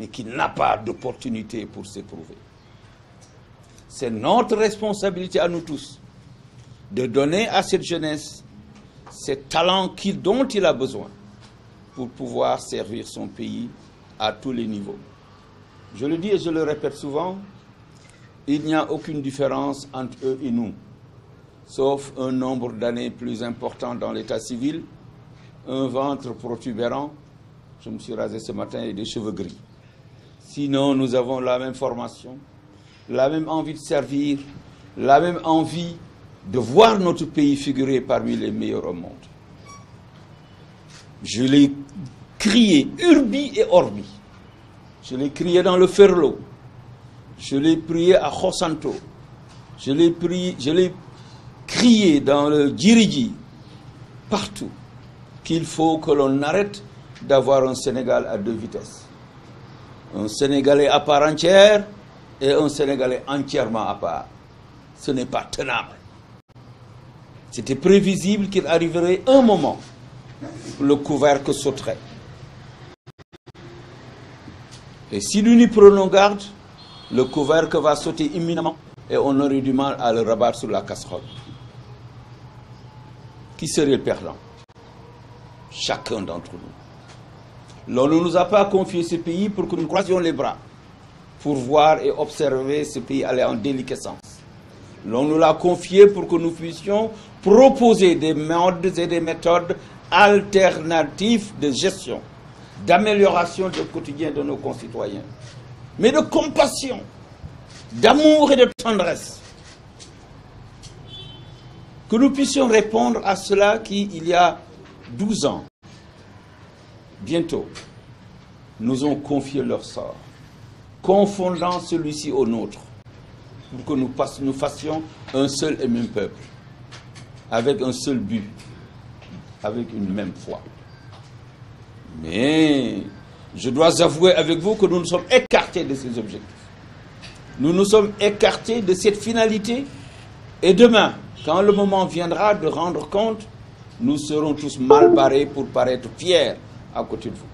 mais qui n'a pas d'opportunité pour s'éprouver. C'est notre responsabilité à nous tous de donner à cette jeunesse ces talents dont il a besoin pour pouvoir servir son pays à tous les niveaux. Je le dis et je le répète souvent, il n'y a aucune différence entre eux et nous, sauf un nombre d'années plus important dans l'état civil, un ventre protubérant, je me suis rasé ce matin, et des cheveux gris. Sinon, nous avons la même formation, la même envie de servir, la même envie de voir notre pays figurer parmi les meilleurs au monde. Je l'ai crié urbi et orbi. Je l'ai crié dans le Ferlo. Je l'ai prié à Josanto. Je l'ai prié, je l'ai crié dans le Djiriji, partout, qu'il faut que l'on arrête d'avoir un Sénégal à deux vitesses. un Sénégalais à part entière et un Sénégalais entièrement à part. Ce n'est pas tenable. C'était prévisible qu'il arriverait un moment le couvercle sauterait. Et si nous n'y prenons garde, le couvercle va sauter imminemment et on aurait du mal à le rabattre sur la casserole. Qui serait le perdant Chacun d'entre nous. L'on ne nous a pas confié ce pays pour que nous croisions les bras, pour voir et observer ce pays aller en déliquescence. L'on nous l'a confié pour que nous puissions proposer des modes et des méthodes alternatives de gestion, d'amélioration du quotidien de nos concitoyens, mais de compassion, d'amour et de tendresse. Que nous puissions répondre à cela qui, il y a 12 ans, bientôt, nous ont confié leur sort, confondant celui-ci au nôtre, pour que nous, nous fassions un seul et même peuple, avec un seul but, avec une même foi. Mais je dois avouer avec vous que nous nous sommes écartés de ces objectifs. Nous nous sommes écartés de cette finalité. Et demain, quand le moment viendra de rendre compte, nous serons tous mal barrés pour paraître fiers à côté de vous.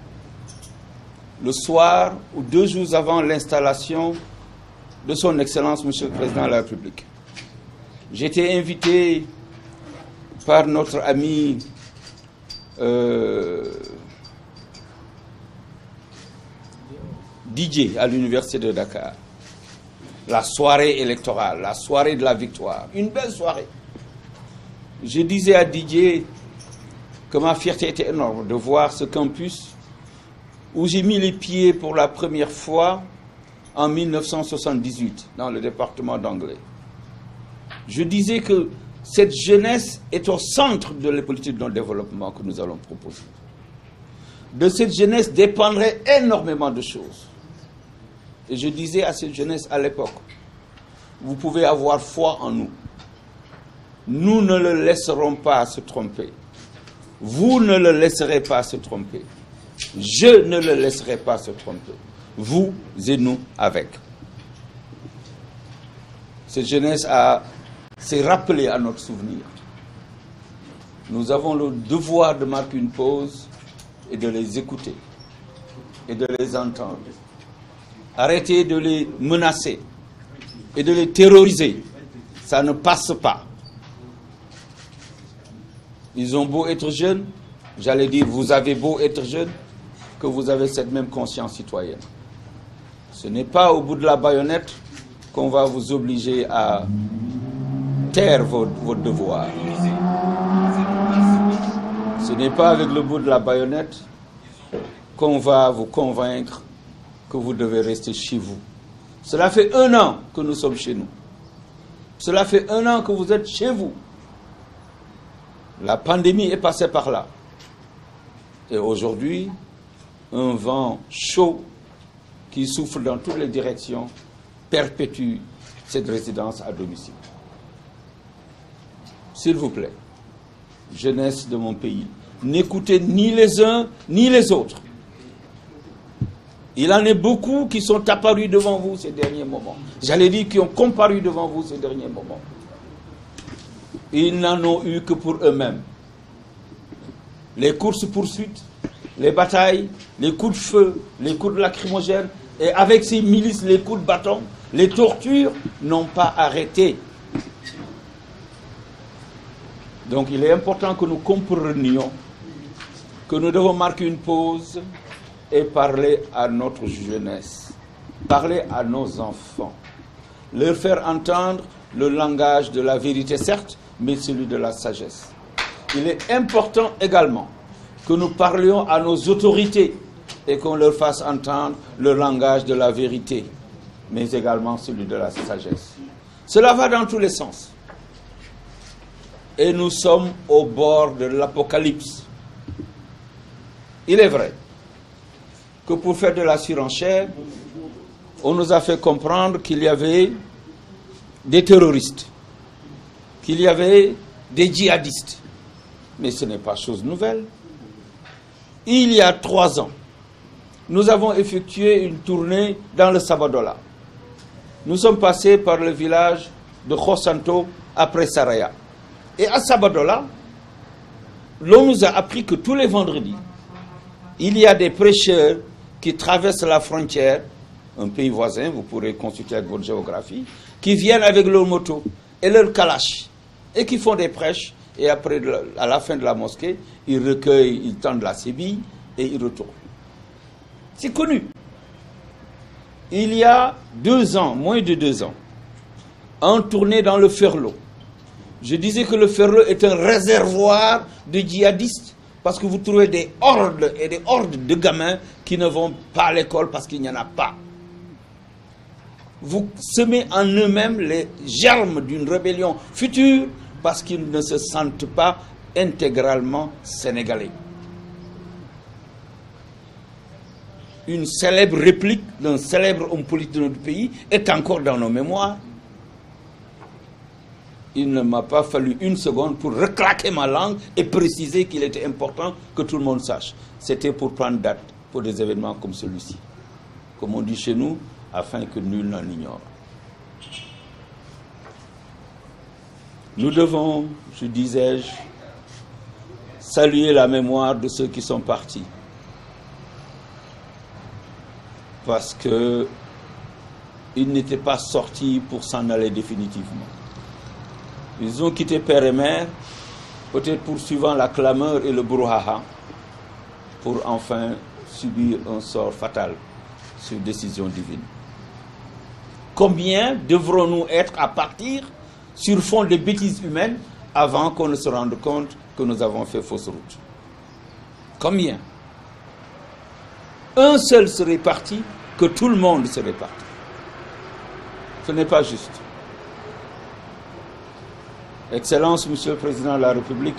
Le soir ou deux jours avant l'installation de son Excellence, Monsieur le Président de la République, j'étais invité par notre ami euh, DJ à l'Université de Dakar. La soirée électorale, la soirée de la victoire, une belle soirée. Je disais à DJ, que ma fierté voir ce campus où j'ai mis les pieds pour la première fois en 1978 dans le département d'anglais. Je disais que cette jeunesse est au centre de la politique de développement que De cette jeunesse dépendrait énormément de choses. à cette à l'époque, vous pouvez avoir foi en nous. Vous ne le laisserez pas se tromper. Je ne le laisserai pas se tromper. Vous et nous avec. Cette jeunesse s'est rappelée à notre souvenir. Nous avons le devoir de marquer une pause et de les écouter et de les entendre. Arrêtez de les menacer et de les terroriser. Ça ne passe pas. Ils ont beau être jeunes, j'allais dire, vous avez beau être jeune, que vous avez cette même conscience citoyenne. Ce n'est pas au bout de la baïonnette qu'on va vous obliger à taire votre, votre devoir. Ce n'est pas avec le bout de la baïonnette qu'on va vous convaincre que vous devez rester chez vous. Cela fait un an que nous sommes chez nous. Cela fait un an que vous êtes chez vous. La pandémie est passée par là. Et aujourd'hui, un vent chaud qui souffle dans toutes les directions perpétue cette résidence à domicile. S'il vous plaît, jeunesse de mon pays, n'écoutez ni les uns ni les autres. Il en est beaucoup qui sont apparus devant vous ces derniers moments. J'allais dire qui ont comparu devant vous ces derniers moments. ils n'en ont eu que pour eux-mêmes. Les courses-poursuites, les batailles, les coups de feu, les coups de lacrymogène, et avec ces milices, les coups de bâton, les tortures n'ont pas arrêté. Donc il est important que nous comprenions que nous devons marquer une pause et parler à notre jeunesse, parler à nos enfants, leur faire entendre le langage de la vérité, certes, mais celui de la sagesse. Il est important également que nous parlions à nos autorités et qu'on leur fasse entendre le langage de la vérité, mais également celui de la sagesse. Cela va dans tous les sens. Et nous sommes au bord de l'apocalypse. Il est vrai que pour faire de la surenchère, on nous a fait comprendre qu'il y avait des terroristes qu'il y avait des djihadistes. Mais ce n'est pas chose nouvelle. Il y a trois ans, nous avons effectué une tournée dans le Sabadola. Nous sommes passés par le village de Khosanto après Saraya. Et à Sabadola, l'on nous a appris que tous les vendredis, il y a des prêcheurs qui traversent la frontière, un pays voisin, vous pourrez consulter avec votre géographie, qui viennent avec leur moto et leur calache. et qui font des prêches. Et après, à la fin de la mosquée, ils recueillent, ils tendent la sébille et ils retournent. C'est connu. Il y a deux ans, moins de deux ans, en tournée dans le Ferlo, je disais que le Ferlo est un réservoir de djihadistes parce que vous trouvez des hordes et des hordes de gamins qui ne vont pas à l'école parce qu'il n'y en a pas. Vous semez en eux-mêmes les germes d'une rébellion future parce qu'ils ne se sentent pas intégralement sénégalais. Une célèbre réplique d'un célèbre homme politique de notre pays est encore dans nos mémoires. Il ne m'a pas fallu une seconde pour reclaquer ma langue et préciser qu'il était important que tout le monde sache. C'était pour prendre date pour des événements comme celui-ci. Comme on dit chez nous, afin que nul n'en ignore. Nous devons, je disais-je, saluer la mémoire de ceux qui sont partis. Parce que ils n'étaient pas sortis pour s'en aller définitivement. Ils ont quitté père et mère, peut-être poursuivant la clameur et le brouhaha, pour enfin subir un sort fatal sur décision divine. Combien devrons-nous être à partir sur fond de bêtises humaines avant qu'on ne se rende compte que nous avons fait fausse route. Combien Un seul serait parti, que tout le monde serait parti. Ce n'est pas juste. Excellence, Monsieur le Président de la République,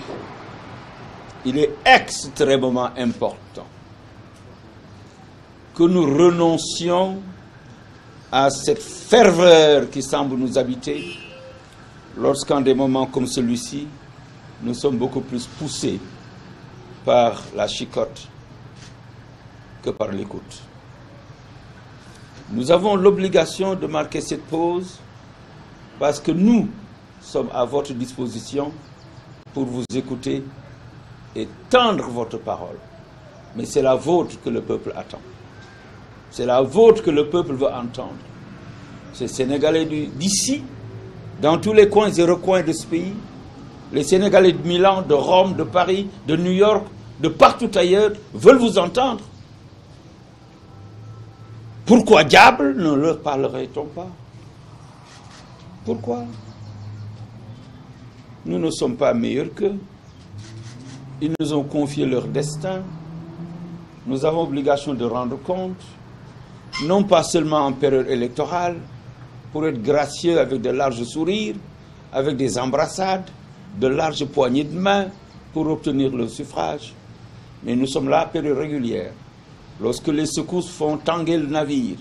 il est extrêmement important que nous renoncions à cette ferveur qui semble nous habiter lorsqu'en des moments comme celui-ci, nous sommes beaucoup plus poussés par la chicote que par l'écoute. Nous avons l'obligation de marquer cette pause parce que nous sommes à votre disposition pour vous écouter et tendre votre parole. Mais c'est la vôtre que le peuple attend. C'est la vôtre que le peuple veut entendre. Ces Sénégalais d'ici dans tous les coins et recoins de ce pays, les Sénégalais de Milan, de Rome, de Paris, de New York, de partout ailleurs, veulent vous entendre. Pourquoi diable ne leur parlerait-on pas Pourquoi Nous ne sommes pas meilleurs qu'eux. Ils nous ont confié leur destin. Nous avons obligation de rendre compte, non pas seulement en période électorale, pour être gracieux avec de larges sourires, avec des embrassades, de larges poignées de main pour obtenir le suffrage. Mais nous sommes là à période régulière. Lorsque les secousses font tanguer le navire,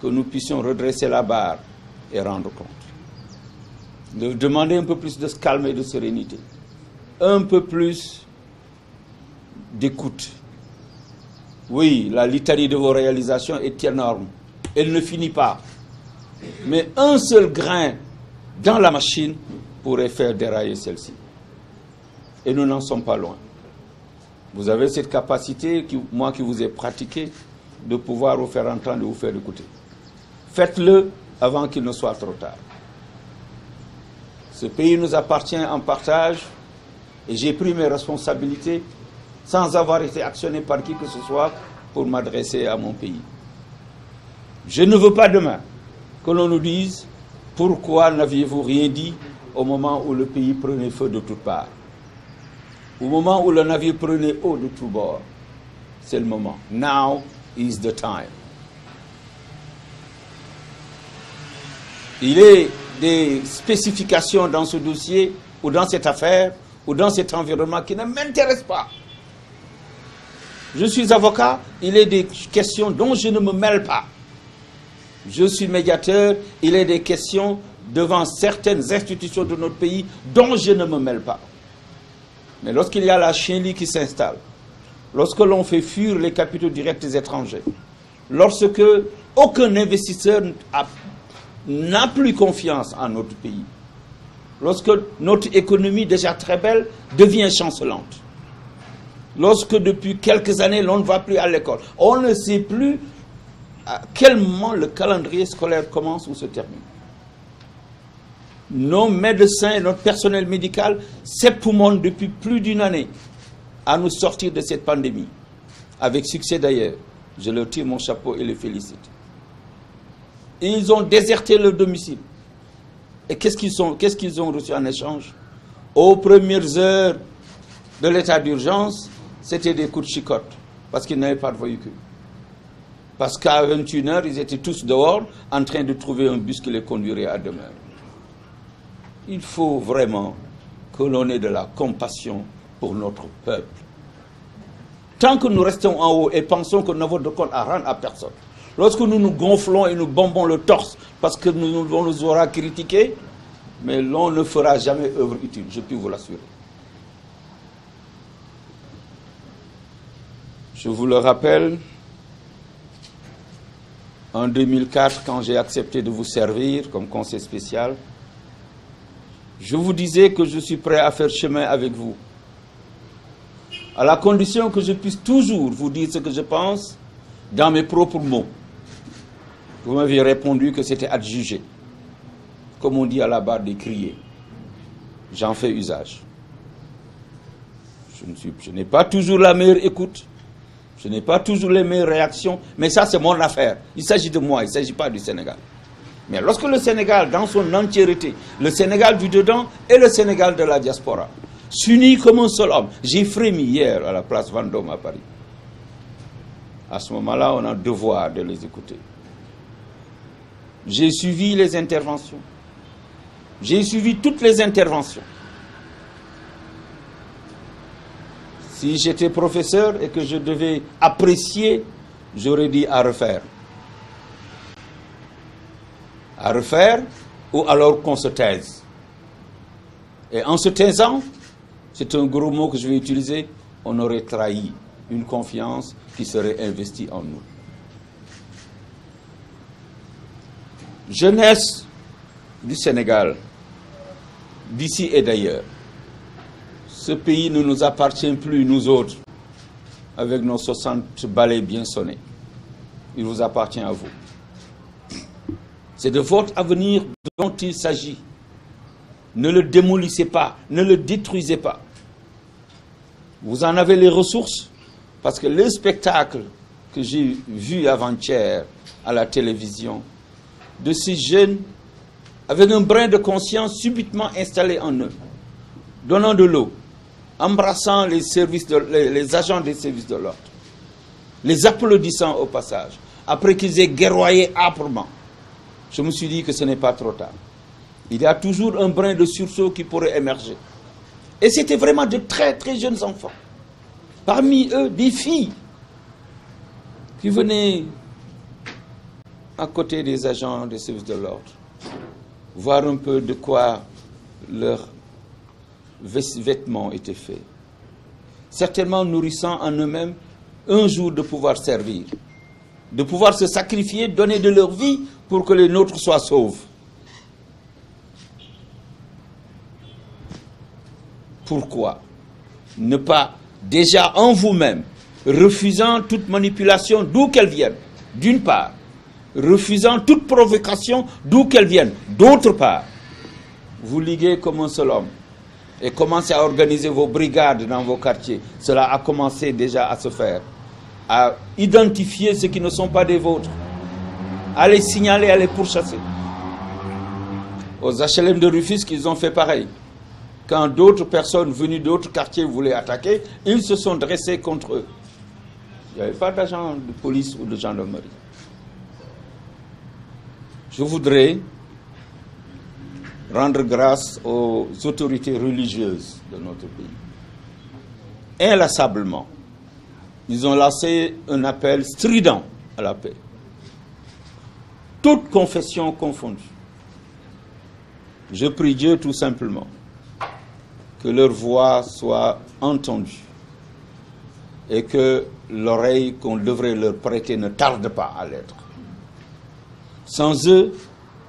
que nous puissions redresser la barre et rendre compte. De demander un peu plus de calme et de sérénité. Un peu plus d'écoute. Oui, la litanie de vos réalisations est énorme. Elle ne finit pas. mais un seul grain dans la machine pourrait faire dérailler celle-ci. Et nous n'en sommes pas loin. Vous avez cette capacité, qui, moi qui vous ai pratiqué, de pouvoir vous faire entendre, vous faire écouter. Faites-le avant qu'il ne soit trop tard. Ce pays nous appartient en partage et j'ai pris mes responsabilités sans avoir été actionné par qui que ce soit pour m'adresser à mon pays. Je ne veux pas demain que l'on nous dise pourquoi n'aviez-vous rien dit au moment où le pays prenait feu de toutes parts Au moment où le navire prenait eau de tous bords C'est le moment. Now is the time. Il est des spécifications dans ce dossier ou dans cette affaire ou dans cet environnement qui ne m'intéresse pas. Je suis avocat, il est des questions dont je ne me mêle pas. je suis médiateur, il est des questions devant certaines institutions de notre pays dont je ne me mêle pas. Mais lorsqu'il y a la chienlit qui s'installe, lorsque l'on fait fuir les capitaux directs étrangers, lorsque aucun investisseur n'a plus confiance en notre pays, lorsque notre économie déjà très belle devient chancelante, lorsque depuis quelques années l'on ne va plus à l'école, on ne sait plus à quel moment le calendrier scolaire commence ou se termine. Nos médecins et notre personnel médical s'époumonnent depuis plus d'une année à nous sortir de cette pandémie. Avec succès d'ailleurs, je leur tire mon chapeau et les félicite. Ils ont déserté leur domicile. Et qu'est-ce qu'ils qu'est-ce qu'ils ont reçu en échange? Aux premières heures de l'état d'urgence, c'était des coups de chicotte parce qu'ils n'avaient pas de véhicule. Parce qu'à 21h, ils étaient tous dehors en train de trouver un bus qui les conduirait à demain. Il faut vraiment que l'on ait de la compassion pour notre peuple. Tant que nous restons en haut et pensons que nous n'avons de compte à rendre à personne, lorsque nous nous gonflons et nous bombons le torse parce que nous, on nous aura critiqué, mais l'on ne fera jamais œuvre utile, je puis vous l'assurer. Je vous le rappelle, En 2004, quand j'ai accepté de vous servir comme conseil spécial, je vous disais que je suis prêt à faire chemin avec vous, à la condition que je puisse toujours vous dire ce que je pense dans mes propres mots. Vous m'aviez répondu que c'était adjugé, comme on dit à la barre des criers. J'en fais usage. Je n'ai pas toujours la meilleure écoute, Je n'ai pas toujours les meilleures réactions, mais ça c'est mon affaire. Il s'agit de moi, il ne s'agit pas du Sénégal. Mais lorsque le Sénégal, dans son entièreté, le Sénégal du dedans et le Sénégal de la diaspora, s'unit comme un seul homme. J'ai frémi hier à la place Vendôme à Paris. À ce moment-là, on a le devoir de les écouter. J'ai suivi les interventions. J'ai suivi toutes les interventions. Si j'étais professeur et que je devais apprécier, j'aurais dit à refaire. À refaire ou alors qu'on se taise. Et en se taisant, c'est un gros mot que je vais utiliser, on aurait trahi une confiance qui serait investie en nous. Jeunesse du Sénégal, d'ici et d'ailleurs. ce pays ne nous appartient plus, nous autres, avec nos 60 balais bien sonnés. Il vous appartient à vous. C'est de votre avenir dont il s'agit. Ne le démolissez pas, ne le détruisez pas. Vous en avez les ressources parce que le spectacle que j'ai vu avant-hier à la télévision de ces jeunes avec un brin de conscience subitement installé en eux, donnant de l'eau, embrassant les, services de, les, les agents des services de l'ordre, les applaudissant au passage, après qu'ils aient guerroyé âprement, je me suis dit que ce n'est pas trop tard. Il y a toujours un brin de sursaut qui pourrait émerger. Et c'était vraiment de très très jeunes enfants. Parmi eux, des filles qui venaient à côté des agents des services de l'ordre, voir un peu de quoi leur vêtements étaient faits. Certainement nourrissant en eux-mêmes un jour de pouvoir servir, de pouvoir se sacrifier, donner de leur vie pour que les nôtres soient sauves. Pourquoi ne pas déjà en vous-même, refusant toute manipulation d'où qu'elle vienne, d'une part, refusant toute provocation d'où qu'elle vienne, d'autre part, vous liguez comme un seul homme et commencez à organiser vos brigades dans vos quartiers. Cela a commencé déjà à se faire. À identifier ceux qui ne sont pas des vôtres. À les signaler, à les pourchasser. Aux HLM de Rufisque, ils ont fait pareil. Quand d'autres personnes venues d'autres quartiers voulaient attaquer, ils se sont dressés contre eux. Il n'y avait pas d'agent de police ou de gendarmerie. Je voudrais rendre grâce aux autorités religieuses de notre pays. Inlassablement, ils ont lancé un appel strident à la paix. Toutes confessions confondues. Je prie Dieu tout simplement que leur voix soit entendue et que l'oreille qu'on devrait leur prêter ne tarde pas à l'être. Sans eux,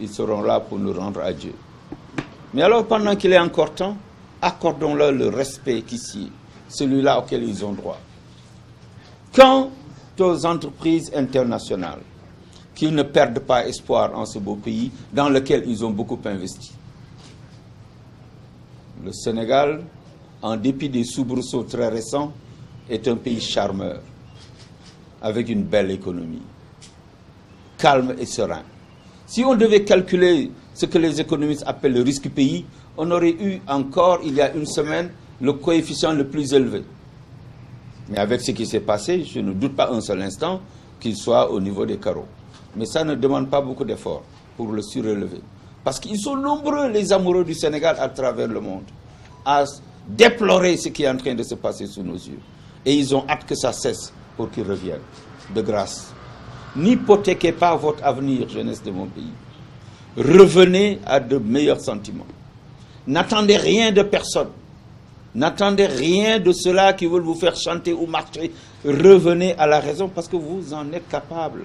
ils seront là pour nous rendre à Dieu. Mais alors, pendant qu'il est encore temps, accordons-leur le respect qu'ici, celui-là auquel ils ont droit. Quant aux entreprises internationales, qu'ils ne perdent pas espoir en ce beau pays dans lequel ils ont beaucoup investi. Le Sénégal, en dépit des soubresauts très récents, est un pays charmeur, avec une belle économie, calme et serein. Si on devait calculer ce que les économistes appellent le risque pays, on aurait eu encore, il y a une semaine, le coefficient le plus élevé. Mais avec ce qui s'est passé, je ne doute pas un seul instant qu'il soit au niveau des carreaux. Mais ça ne demande pas beaucoup d'efforts pour le surélever. Parce qu'ils sont nombreux, les amoureux du Sénégal à travers le monde, à déplorer ce qui est en train de se passer sous nos yeux. Et ils ont hâte que ça cesse pour qu'ils reviennent. De grâce. n'hypothéquez pas votre avenir, jeunesse de mon pays. Revenez à de meilleurs sentiments. N'attendez rien de personne. N'attendez rien de ceux-là qui veulent vous faire chanter ou marcher. Revenez à la raison parce que vous en êtes capable.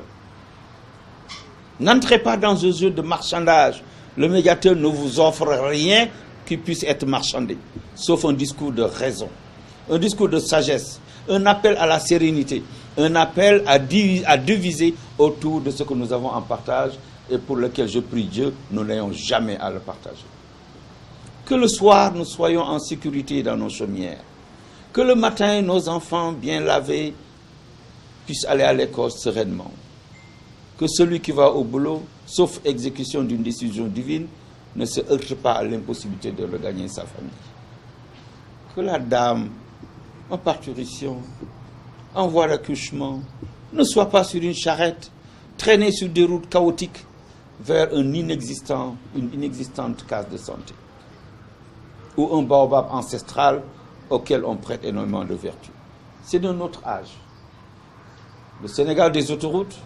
N'entrez pas dans ce jeu de marchandage. Le médiateur ne vous offre rien qui puisse être marchandé, sauf un discours de raison, un discours de sagesse, un appel à la sérénité, un appel à, diviser, à diviser autour de ce que nous avons en partage et pour lequel je prie Dieu, nous n'ayons jamais à le partager. Que le soir, nous soyons en sécurité dans nos chaumières. Que le matin, nos enfants bien lavés puissent aller à l'école sereinement. Que celui qui va au boulot, sauf exécution d'une décision divine, ne se heurte pas à l'impossibilité de regagner sa famille. Que la dame en parturition en voie d'accouchement, ne sois pas sur une charrette, traînée sur des routes chaotiques vers un inexistant, une inexistante case de santé ou un baobab ancestral auquel on prête énormément de vertu. C'est de notre âge. Le Sénégal des autoroutes,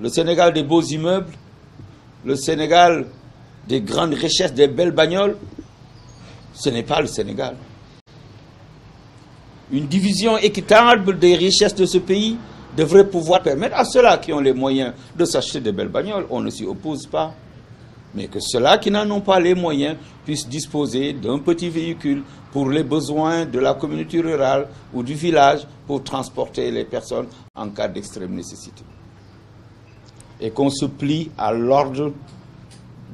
le Sénégal des beaux immeubles, le Sénégal des grandes richesses, des belles bagnoles, ce n'est pas le Sénégal. une division équitable des richesses de ce pays devrait pouvoir permettre à ceux-là qui ont les moyens de s'acheter de belles bagnoles, on ne s'y oppose pas, mais que ceux-là qui n'en ont pas les moyens puissent disposer d'un petit véhicule pour les besoins de la communauté rurale ou du village pour transporter les personnes en cas d'extrême nécessité. Et qu'on se plie à l'ordre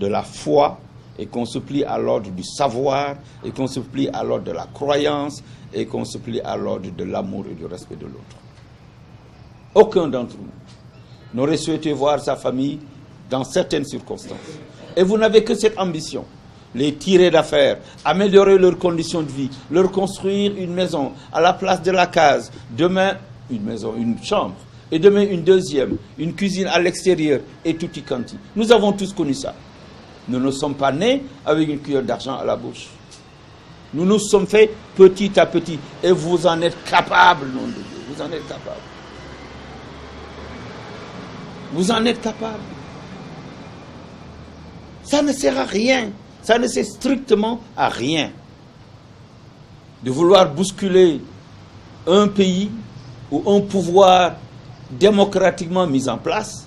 de la foi et qu'on se plie à l'ordre du savoir, et qu'on se plie à l'ordre de la croyance, et qu'on se plie à l'ordre de l'amour et du respect de l'autre. Aucun d'entre nous n'aurait souhaité voir sa famille dans certaines circonstances. Et vous n'avez que cette ambition, les tirer d'affaires, améliorer leurs conditions de vie, leur construire une maison à la place de la case, demain une maison, une chambre, et demain une deuxième, une cuisine à l'extérieur, et tout y quanti. Nous avons tous connu ça. Nous ne sommes pas nés avec une cuillère d'argent à la bouche. Nous nous sommes faits petit à petit. Et vous en êtes capables, nom de Dieu. Vous en êtes capables. Vous en êtes capables. Ça ne sert à rien. Ça ne sert strictement à rien de vouloir bousculer un pays ou un pouvoir démocratiquement mis en place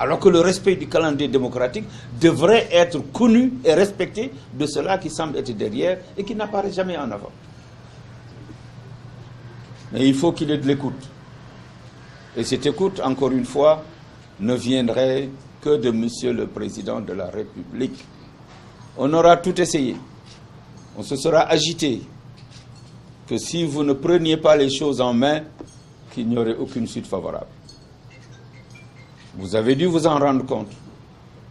Alors que le respect du calendrier démocratique devrait être connu et respecté de cela qui semble être derrière et qui n'apparaît jamais en avant. Mais il faut qu'il ait de l'écoute. Et cette écoute, encore une fois, ne viendrait que de Monsieur le Président de la République. On aura tout essayé. On se sera agité que si vous ne preniez pas les choses en main, qu'il n'y aurait aucune suite favorable. Vous avez dû vous en rendre compte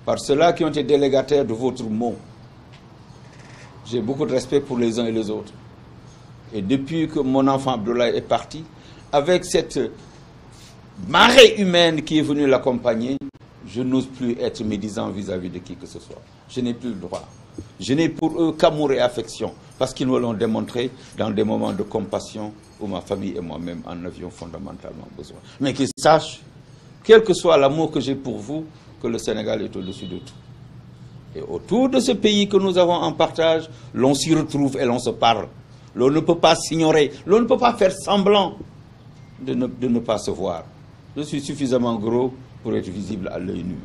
par ceux-là qui ont été délégataires de votre mot. J'ai beaucoup de respect pour les uns et les autres. Et depuis que mon enfant Abdoulaye est parti, avec cette marée humaine qui est venue l'accompagner, je n'ose plus être médisant vis-à-vis -vis de qui que ce soit. Je n'ai plus le droit. Je n'ai pour eux qu'amour et affection, parce qu'ils me l'ont démontré dans des moments de compassion où ma famille et moi-même en avions fondamentalement besoin. Mais qu'ils sachent quel que soit l'amour que j'ai pour vous, que le Sénégal est au-dessus de tout. Et autour de ce pays que nous avons en partage, l'on s'y retrouve et l'on se parle. L'on ne peut pas s'ignorer, l'on ne peut pas faire semblant de ne, de ne, pas se voir. Je suis suffisamment gros pour être visible à l'œil nu.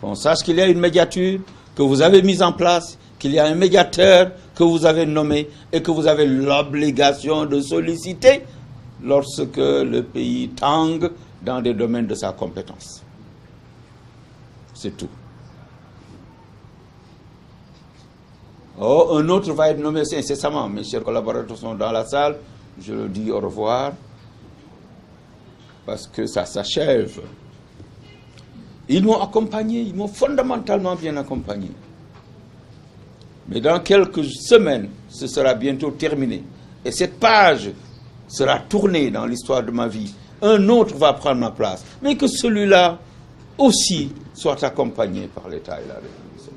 Qu'on sache qu'il y a une médiature que vous avez mise en place, qu'il y a un médiateur que vous avez nommé et que vous avez l'obligation de solliciter lorsque le pays tangue dans des domaines de sa compétence. C'est tout. Oh, un autre va être nommé incessamment. Mes chers collaborateurs sont dans la salle. Je leur dis au revoir parce que ça s'achève. Ils m'ont accompagné, ils m'ont fondamentalement bien accompagné. Mais dans quelques semaines, ce sera bientôt terminé. Et cette page sera tournée dans l'histoire de ma vie. un autre va prendre ma place, mais que celui-là aussi soit accompagné par l'État et la République.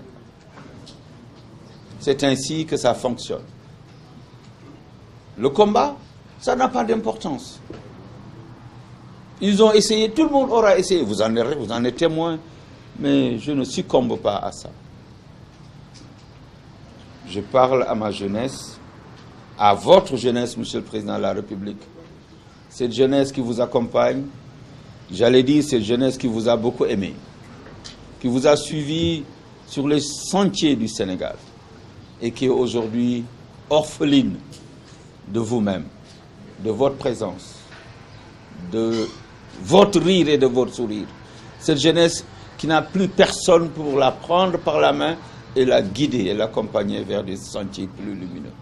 C'est ainsi que ça fonctionne. Le combat, ça n'a pas d'importance. Ils ont essayé, tout le monde aura essayé, vous en êtes, vous en êtes témoin, mais je ne succombe pas à ça. Je parle à ma jeunesse, à votre jeunesse, Monsieur le Président de la République. cette jeunesse qui vous accompagne, j'allais dire cette jeunesse qui vous a beaucoup aimé, qui vous a suivi sur les sentiers du Sénégal et qui est aujourd'hui orpheline de vous-même, de votre présence, de votre rire et de votre sourire. Cette jeunesse qui n'a plus personne pour la prendre par la main et la guider et l'accompagner vers des sentiers plus lumineux.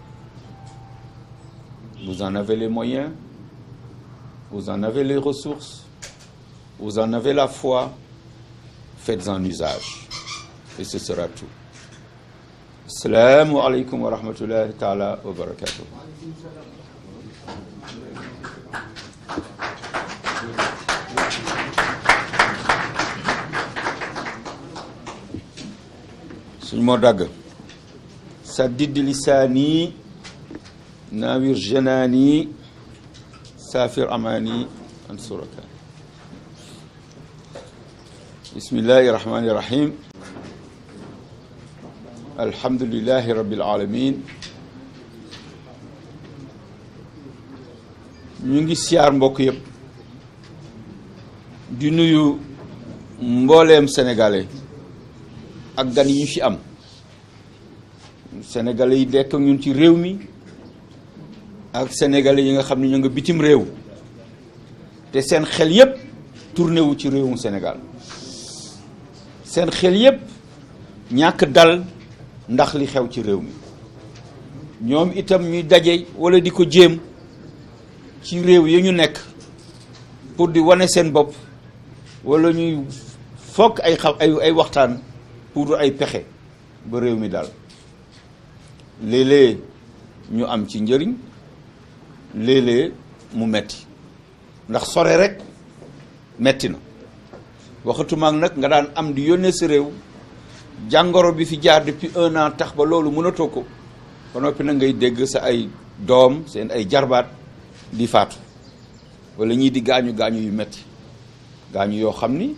Vous en avez les moyens Vous en avez les ressources, vous en avez la foi, faites usage. Et ce sera tout. Assalamu alaikum wa rahmatullahi ta'ala wa barakatuh. suñ moo dagg sa didd saafir amaani ansuraka bismillahi irrahmani irrahim alhamdulilahi rabbil alamin mu ngi siyaar mbokk yëpp di nuyu mbooleem sénégalais ak gan yi ñu am sénégalais yi dekk ñun ci réew mi ak sénégalais yi nga xam ne ñu nga bitim réew te seen xel yépp tourné wu ci mu Sénégal seen xel yépp ñàkk dal ndax li xew ci réew mi ñoom itam ñuy daje walla di ko jéem ci réew yi ñu nekk pour di wane seen bopp walla ñuy fokk ay xam ay waxtaan pour ay pexe ba réew mi daal léeg-léeg ñu am ci njëriñ léeg-léeg mu metti ndax sore rek metti na waxatuma ak nag nga daan am di yónnee sa réew jàngoro bi fi jaar depuis un an tax ba loolu mënatoo ko ba noppi nag ngay dégg sa ay doom seen ay jarbaat di faatu walla ñii di gaañu gaañu yu metti gaañu yoo xam ni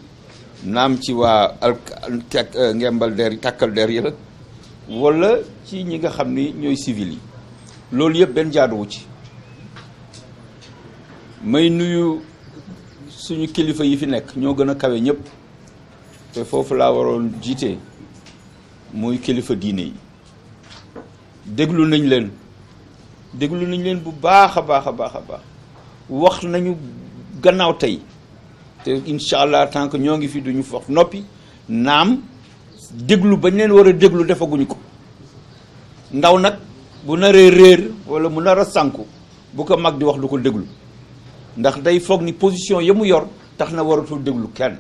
naam ci waa al euh, ngembal der yi tàkkal der yi la wala ci ñi nga xam ni ñooy sivil yi loolu yëpp benn jaaduwu ci may nuyu suñu kilifa yi fi nekk ñoo gën a kawe ñëpp te foofu laa waroon jiite muy kilifa diine yi déglu nañ leen déglu nañ leen bu baax a baax a baax a baax wax nañu gannaaw tey te incha allah tant ñoo ngi fi duñu foofu noppi naam déglu bañ leen war a déglu defaguñu ko ndaw nag bu naree réer wala mu nar a sànku bu ko mag di wax du ko déglu ndax day foog ni position ya mu yor tax na waratul déglu kenn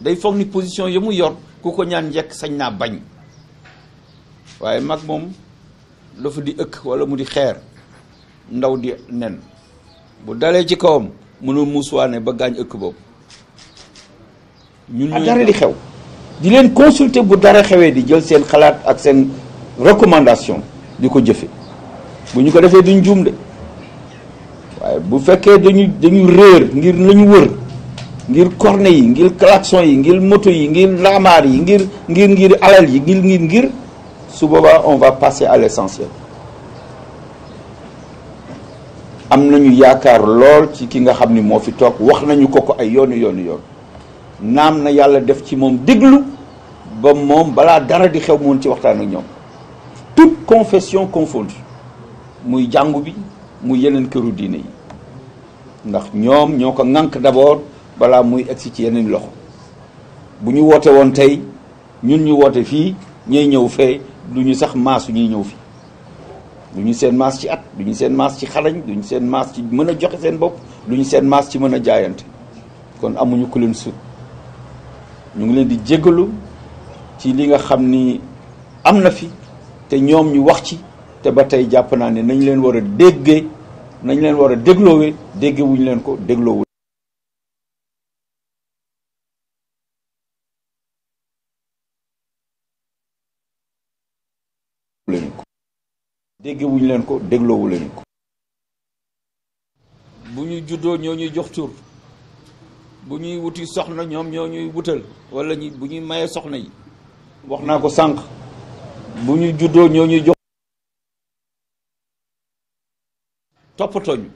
day foog ni position ya mu yor ku ko ñaan njekk sañ naa bañ waaye mag moom dafa di ëkk wala mu di xeer ndaw di nen bu dalee ci kawam mënul muusuwaane ba gaañ ëkk boobu ñun dara di xew di leen consulter bu dara xewee di jël seen xalaat ak seen recommandation di ko jëfe bu ñu ko defee duñ juum de bu fekkee dañu dañu réer ngir la wër ngir corne yi ngir klaxon yi ngir moto yi ngir laamaar yi ngir ngir ngir alal yi ngir ngir ngir su booba on va passer à l'essentiel am nañu yaakaar lool ci ki nga xam ni moo fi toog wax nañu ko ko ay yoonu yoonu yoon naam na yàlla def ci moom déglu ba moom balaa dara di xew moon ci waxtaan ak ñoom toute confession confondue muy jàngu bi muy yeneen këru diine yi ndax ñoom ñoo ko ŋànk d'abord balaa muy egsi ci yeneen loxo bu ñu wootee woon tey ñun ñu woote fii ñay ñëw fee du ñu sax maasu ñuy ñëw fii du ñu seen maas ci at du ñu seen maas ci xarañ du ñu seen maas ci mën a joxe seen bopp lu ñu seen maas ci mën a jaayante kon amuñu ku leen sut ñu ngi leen di jéggalu ci li nga xam ni am na fi te ñoom ñu wax ci te ba tey jàpp naa ne nañ leen war a déggee nañ leen war a dégloowee déggewuñu leen ko dégloowu leen ko leen ko dégloowu bu ñu juddoo ñoo ñuy jox tur bu ñuy wuti soxna ñoom ñoo ñuy wutal wala ñi bu ñuy maye soxna yi wax naa ko sànq bu ñu juddoo ñoo ñuy jox toppatoo ñu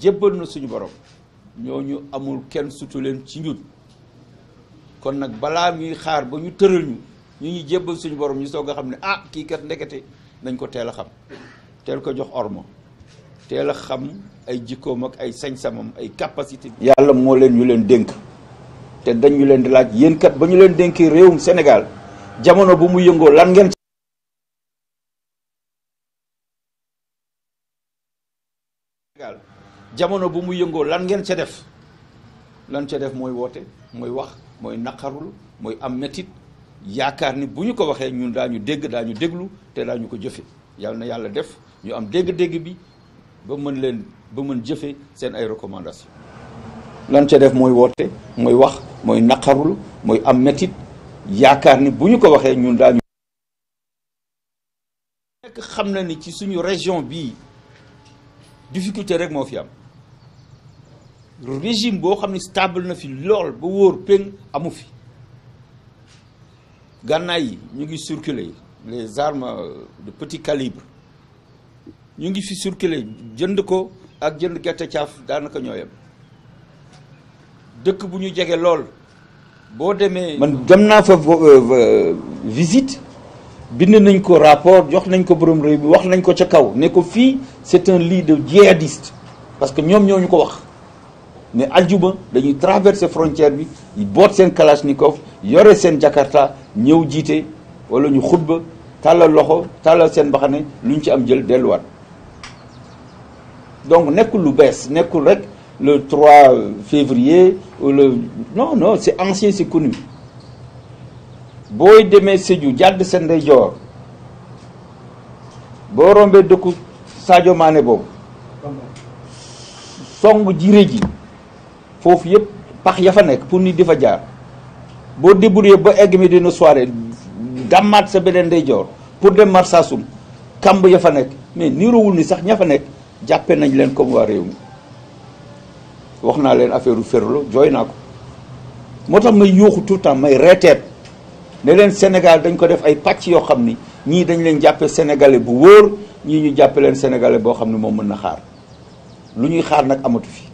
jébbal na suñu borom ñooñu amul kenn sutu leen ci njut kon nag balaa ñuy xaar ba ñu tëral ñu ñu ñu jébbal suñu borom ñu soog a xam ne ah kii kat ndekete nañ ko teel a xam teel ko jox ormo teel a xam ay jikkoom ak ay sañ-samam ay capacité yàlla moo leen ñu leen dénk te dañ ñu leen di laaj yéen ba ñu leen dénkee réewum Sénégal jamono bu mu yëngoo lan ngeen jamono bu mu yëngoo lan ngeen ca def lan ca def mooy woote mooy wax mooy naqarul mooy am métit yaakaar ni bu ñu ko waxee ñun daañu dégg daañu déglu te ñu ko jëfe yàlla na yàlla def ñu am dégg-dégg bi ba mën leen ba mën jëfe seen ay recommandation lan ca def mooy woote mooy wax mooy naqarul mooy am métit yaakaar ni bu ñu ko waxee ñun daañu nekk xam na ni ci suñu région bii difficulté rek moo fi am régime boo xam ne stable na fi lool ba wóor péng amu fi gànnaay yi ñu ngi circuler les armes euh, de petit calibre ñu ngi fi circuler jënd ko ak jënd gerte caaf daanaka ñooyam dëkk bu ñu jege lool boo demee. man dem naa fa euh, euh, visite bind nañ ko rapport jox nañ ko borom réew bi wax nañ ko ca kaw ne ko fii c'est un lit de djihadiste parce que ñoom ñoo ñu ko wax. ne aljuma dañuy traverser frontière bi boot seen kalachnikov yore seen jakarta ñëw jiite wala ñu xutba tàllal loxo tàllal seen mbaxane lu ñu ci am jël delluwaat donc nekkul lu bees nekkul rek le 3 février ou le non non c'est ancien c'est connu booy demee Sédhiou jàdd seen ndeyjoor boo rombee dëkku Sadio Mané boobu song ji réji foofu yëpp pax ya fa nekk pour nit di fa jaar boo débrouillé ba egg mi dina soirée dàmmaat sa beneen day joor pour dem Marsassoum kamb ya fa nekk mais niroowul ni sax ña fa nekk jàppe nañ leen comme waa réew mi wax naa leen affaire u ferlo jooy naa ko moo tax may yooxu tout temps may reeteet ne leen Sénégal dañ ko def ay pàcc yoo xam ni ñii dañ leen jàppe sénégalais bu wóor ñii ñu jàppe leen sénégalais boo xam ne moom mën na xaar lu ñuy xaar nag amatu fi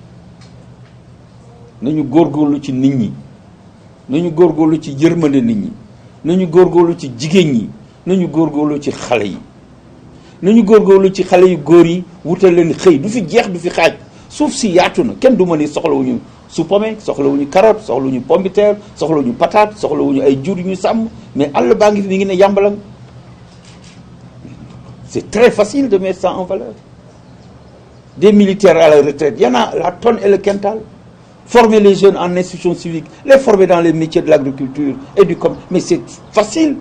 nañu góor góorgóorlu ci nit ñi nañu góorgóorlu ci yërmande nit ñi nañu góorgóorlu ci jigéen ñi nañu góor góorlu ci xale yi nañu góorgóorlu ci xale yu góor yi wutal leen xëy du fi jeex du fi xaaj suuf si yaatu na kenn du ma ni soxlawuñu su pome soxlawuñu carotte soxlawuñu pomme de terre soxlawuñu patate soxlawuñu ay jur yu ñu sàmm mais àll baa ngi fi mi ngi ne yàmbalang c'est très facile de mettre ça en valeur des militaires à la retraite y en a la tonne former les jeunes en instruction civique, les former dans les métiers de l'agriculture et du commerce. Mais c'est facile.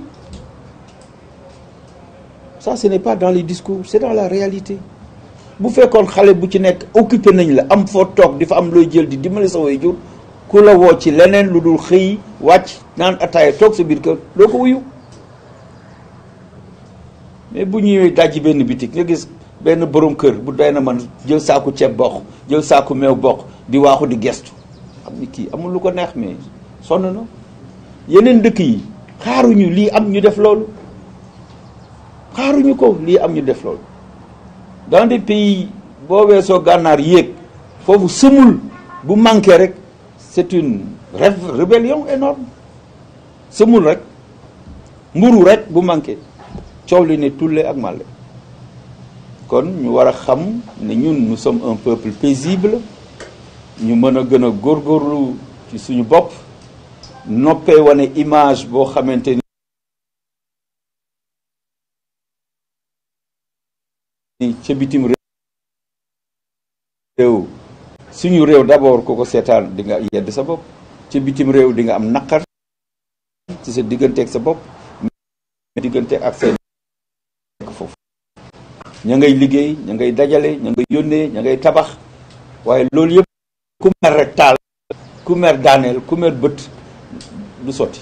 Ça, ce n'est pas dans les discours, c'est dans la réalité. bu fekkoon xale bu ci nekk occupé nañ la am foo toog di fa am looy jël di dimbali sa waajur ku la woo ci leneen lu dul xëy wàcc naan ataaya toog sa biir kër doo ko wuyu mais bu ñëwee dajji benn bitik nga gis benn borom kër bu doy na man jël saaku ceeb bokk jël saaku meew bokk di waaxu di gestu ni kii amul lu ko neex mais sonn na yeneen dëkk yi xaaruñu lii am ñu def loolu xaaruñu ko lii am ñu def loolu dans des pays boo weesoo gànnaar yéeg foofu sëmul bu manqué rek c'est une rébellion énorme sëmul rek mburu rek bu manqué coow li ne tulle ak màlle kon ñu war a xam ne ñun nous sommes un peuple paisible ñu mën a gën a góor góorlu ci suñu bopp noppee wane image boo xamante ni ci bitim réew suñu réew d'abord ku ko seetaan di nga yedd sa bopp ci bitim réew di nga am naqar ci sa diggante ak sa bopp diggante ak foofu ña ngay liggéey ña ngay dajale ña ngay yónnee ña ngay tabax waaye loolu yëpp ku mer rek taal ku daaneel ku bët du sotti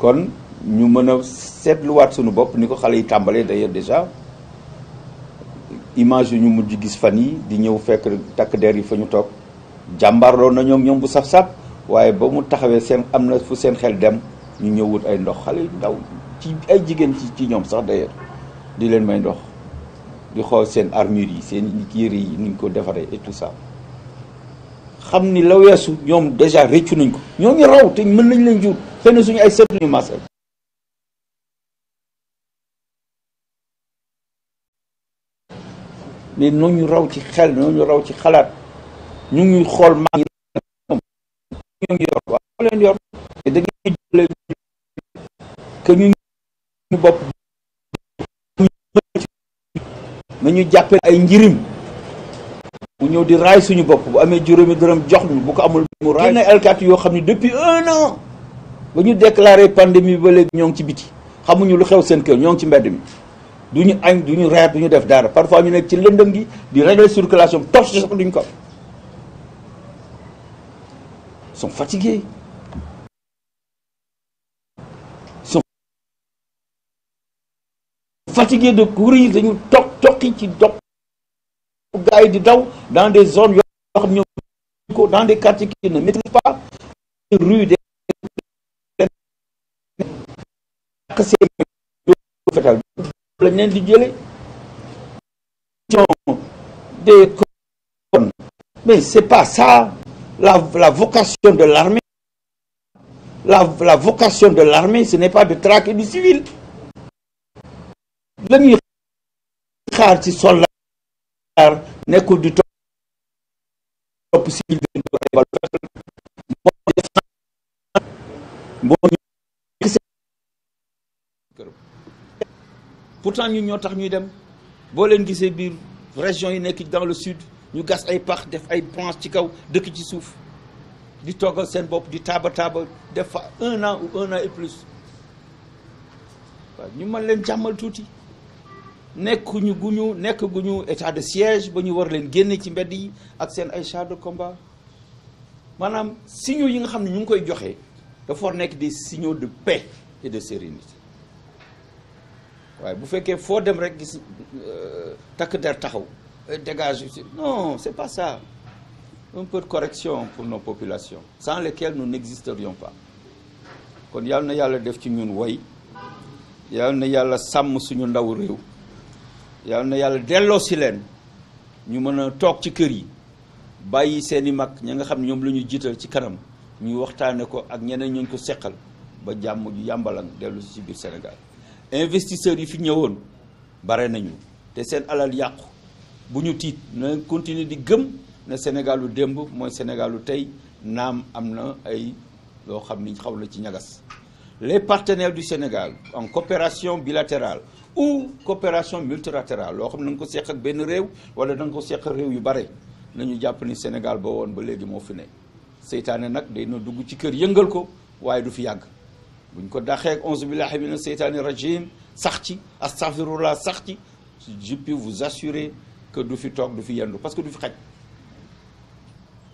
kon ñu mën a seetluwaat sunu bopp ni ko xale yi tàmbalee d'ailleurs déjà image yu ñu mujj gis fan yi di ñëw fekk takk der yi fa ñu toog jàmbarloo na ñoom ñoom bu saf-saf waaye ba mu taxawee seen am na fu seen xel dem ñu ñëw ay ndox xale yu ndaw ci ay jigéen ci ñoom sax d'ailleurs di leen may ndox di xool seen armure yi seen yére yi ni ñu ko defaree et tout ça xam ni la weesu ñoom déjà réccu nañ ko ñoo ñu raw te mën nañ leen jur xëy suñu ay sët ñu maasal mais noo raw ci xel noo ñu raw ci xalaat ñu ngi xool mag ñi ñoo ngi yor waaw leen yor te ñu bopp ñu jàppee ay njirim bu ñëw di raay suñu bopp bu amee juróomi dërëm jox ñu bu ko amul mu raay na yoo xam ne depuis un an ba ñu déclaré pandémie ba léegi ñoo ngi ci biti xamuñu lu xew seen kër ñoo ngi ci mbedd mi du ñu añ du ñu reer du ñu def dara parfois ñu nekk ci lëndëm gi di régler circulation torche sax duñ ko sont fatigués sont de courir dañu toog tokki daw dans des zones leen di jële des con mais c'est pas ça la vocation de l'armée la vocation de l'armée ce n'est pas de traquer du civil lañuy xaar ci soldaar nekkul di topp civil de pourtant ñun ñoo tax ñuy dem boo leen gisee biir région yi nekk dans le sud ñu gas ay pax def ay branche ci kaw dëkk ci suuf di toggal seen bopp di taaba taaba def fa un an ou un an et plus ñu mën leen jàmmal tuuti nekkuñu guñu nekk guñu état de siège ba ñu war leen génne ci mbedd yi ak seen ay chars de combat maanaam signaux yi nga xam ne ñu ngi koy joxee dafa war nekk des signaux de paix et de sérénité waaye bu fekkee foo dem rek gis euh, takk der taxaw euh, dégage non c'est pas ça un peu de correction pour nos population sans lesquelles nous n'existerions pas kon yàlla na yàlla def ci ñun woy yàlla na yàlla sàmm suñu ndaw réew yal na yàlla delloo si leen ñu mën a toog ci kër yi bàyyi seen i mag ña nga xam ne ñoom la ñu jiital ci kanam ñu waxtaane ko ak ñeneen ñooñ ko seqal ba jàmm ju yàmbalang dellu si biir Sénégal investisseurs yi fi ñëwoon bare nañu te seen alal yàqu bu ñu tiit na continuer di gëm na Sénégalu démb mooy Sénégalu tey naam am na ay loo xam ni xaw la ci ñagas les partenaire du Sénégal en coopération bilatérale ou coopération multilatérale loo xam ne nga ko seq ak benn réew wala da nga ko seq réew yu bare nañu jàpp ni Sénégal ba woon ba léegi moo fi ne seytaane nag day na dugg ci kër yëngal ko waaye du fi yàgg buñ ko daxee onze billahi mina seytaani rajim sax ci astaghfirullah sax ci je puis vous assurer que du fi toog du fi yendu parce que du fi xaj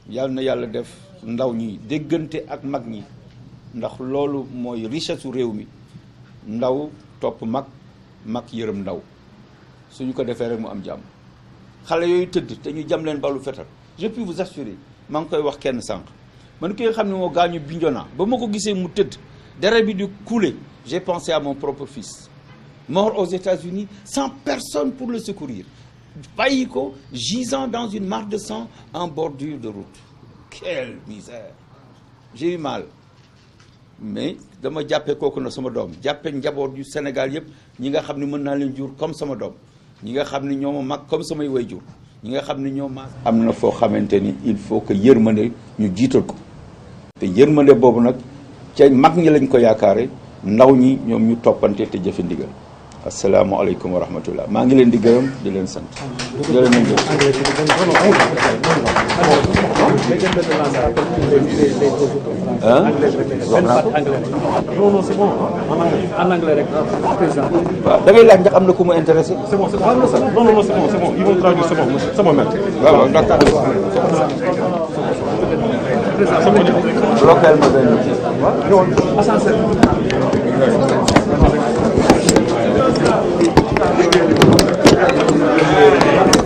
yàlla na yàlla def ndaw ñi déggante ak mag ñi ndax loolu mooy richesse réew mi ndaw topp mag mag yërëm ndaw suñu ko defee mu am jàmm xale yooyu tëdd te ñu jam leen balu fetal je puis vous assurer maa ngi koy wax kenn sànq man ki nga xam ne moo gaañu Bignona ba ma ko gisee mu tëdd deret bi du couler je pense à mon propre fils mort aux États-Unis sans personne pour le secourir bàyyi ko gisant dans une mare de sang en bordure de route quelle misère j'ai eu mal mais dama jàppee kooku na sama doom jàppee njaboot yu Sénégal yëpp ñi nga xam ne mën naa leen jur comme sama doom ñi nga xam ni ñoo ma mag comme samay way jur ñi nga xam ni ñoom ma am na foo xamante ni il faut que yërmande ñu jiital ko te yërmande boobu nag ca mag ñi lañ ko yaakaare ndaw ñi ñoom ñu toppante te jëfe ndigal asalaamualeykum wa rahmatullah maa ngi leen di gërëm di leen sant jërë ngeen jëf waaw da ngay laaj ndax am na ku mu intéressé waaw d'accord local ma benn liggéey bi